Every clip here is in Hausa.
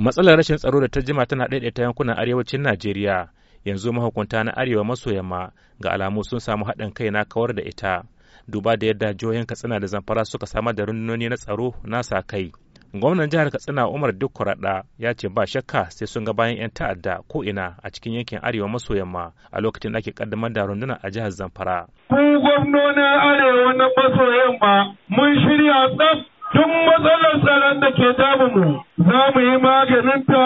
matsalar rashin tsaro da ta jima tana ta yankunan arewacin najeriya yanzu mahukunta na arewa maso yamma ga alamu sun samu haɗin kai na kawar da ita duba da yadda jihohin katsina da zamfara suka samar da rundunoni na tsaro na sa kai gwamnan jihar katsina umar duk kuraɗa ya ce ba shakka sai sun ga bayan 'yan ta'adda ko ina a cikin yankin arewa maso yamma a lokacin ake kaddamar da rundunar a jihar zamfara ku gwamnonin arewa na maso yamma mun shirya tsaf tun matsalar tsaron da ke damu mu za mu yi maganinta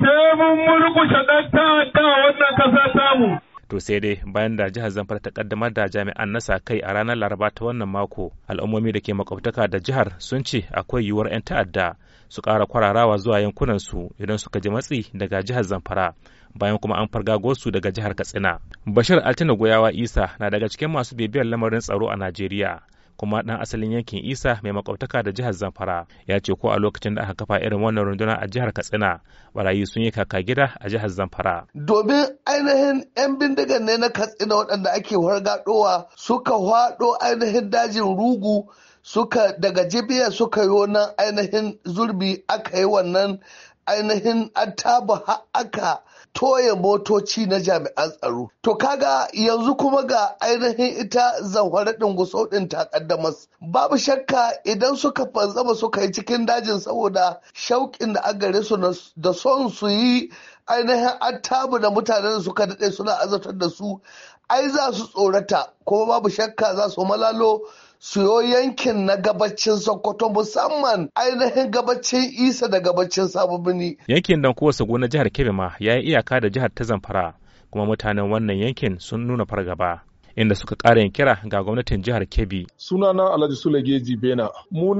sai mun murkushe ɗan ta'adda wannan ƙasa tamu. to sai dai bayan da jihar zamfara ta kaddamar da jami'an na sa kai a ranar laraba ta wannan mako al'ummomi da ke makwabtaka da jihar sun ce akwai yiwuwar 'yan ta'adda su ƙara kwararawa zuwa yankunan su idan suka ji matsi daga jihar zamfara bayan kuma an fargago su daga jihar katsina bashir altina goyawa isa na daga cikin masu bibiyar lamarin tsaro a najeriya kuma dan asalin yankin isa mai makwabtaka da jihar zamfara ya ce ko a lokacin da aka kafa irin wannan runduna a jihar katsina barayi sun yi kaka gida a jihar zamfara domin ainihin yan bindigan ne na katsina waɗanda ake wargadowa suka hwado ainihin dajin rugu suka daga jibiya suka yi wannan ainihin zurbi aka yi wannan ainihin attaba aka toya motoci na jami'an tsaro. To kaga yanzu kuma ga ainihin ita zanware ɗin gusau ɗin takaddamas. Babu shakka idan suka fanzama suka yi cikin dajin saboda shauƙin da an gare su da son su yi ainihin attabu da mutanen da suka daɗe suna azatar da su ai za su tsorata kuma babu shakka za su malalo siyo yankin na gabacin Sokoto musamman ainihin gabacin Isa da gabacin Sabobini. Yankin dan kowace gona jihar Kebbi ya yi iyaka da jihar ta Zamfara kuma mutanen wannan yankin sun nuna fargaba. Inda suka ƙara yin kira ga gwamnatin jihar Kebbi. Sunana Alhaji Sule Geji Bena, mu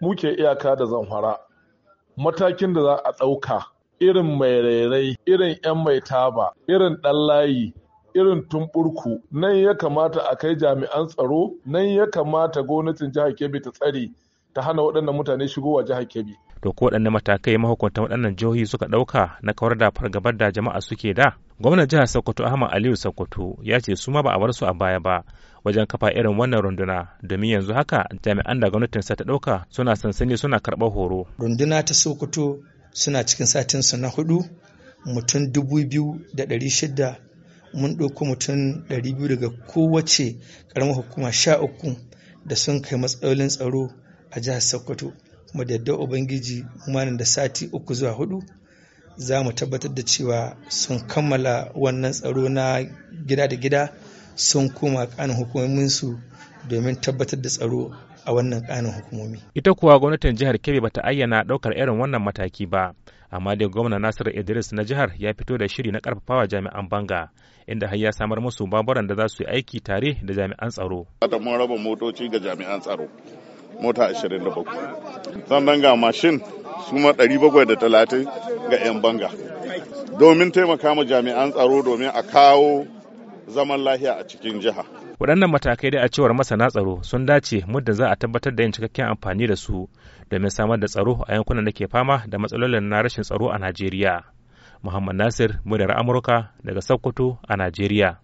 muke iyaka da Zamfara. Matakin da za a ɗauka irin mai rairai, irin 'yan mai taba, irin ɗan layi, irin tumburku nan ya kamata a kai jami'an tsaro nan ya kamata gwamnatin jihar kebbi ta tsare ta hana waɗannan mutane shigo wa jihar kebbi to ko waɗanne matakai mahukunta waɗannan jihohi suka ɗauka na kawar da fargabar da jama'a suke da gwamnan jihar sokoto ahmad aliyu sokoto ya ce su ma ba a bar su a baya ba wajen kafa irin wannan runduna domin yanzu haka jami'an da sa ta ɗauka suna sansani suna karɓar horo runduna ta sokoto suna cikin satinsu na hudu mutum dubu biyu da ɗari shida mun ɗauko mutum 200 daga kowace ƙaramar hukuma 13 da sun kai matsalolin tsaro a jihar sokoto kuma da yadda ubangiji nan da sati uku zuwa hudu za mu tabbatar da cewa sun kammala wannan tsaro na gida da gida sun koma kanin hukumominsu domin tabbatar da tsaro a wannan kanin hukumomi. Ita kuwa gwamnatin jihar Kebbi bata ayyana ɗaukar irin wannan mataki ba, amma dai gwamna Nasiru Idris na jihar ya fito da shiri na karfafawa jami'an banga, inda har ya samar musu baburan da za su yi aiki tare da jami'an tsaro. Da mun raba motoci ga jami'an tsaro, mota 27. Sannan ga mashin su ma 730 ga 'yan banga. Domin taimaka ma jami'an tsaro domin a kawo zaman lahiya a cikin jiha. waɗannan matakai dai a cewar masana tsaro sun dace muddin za a tabbatar da yin cikakken amfani da su domin samar da tsaro a yankunan da ke fama da matsalolin na rashin tsaro a najeriya muhammad nasir muryar amurka daga sokoto a najeriya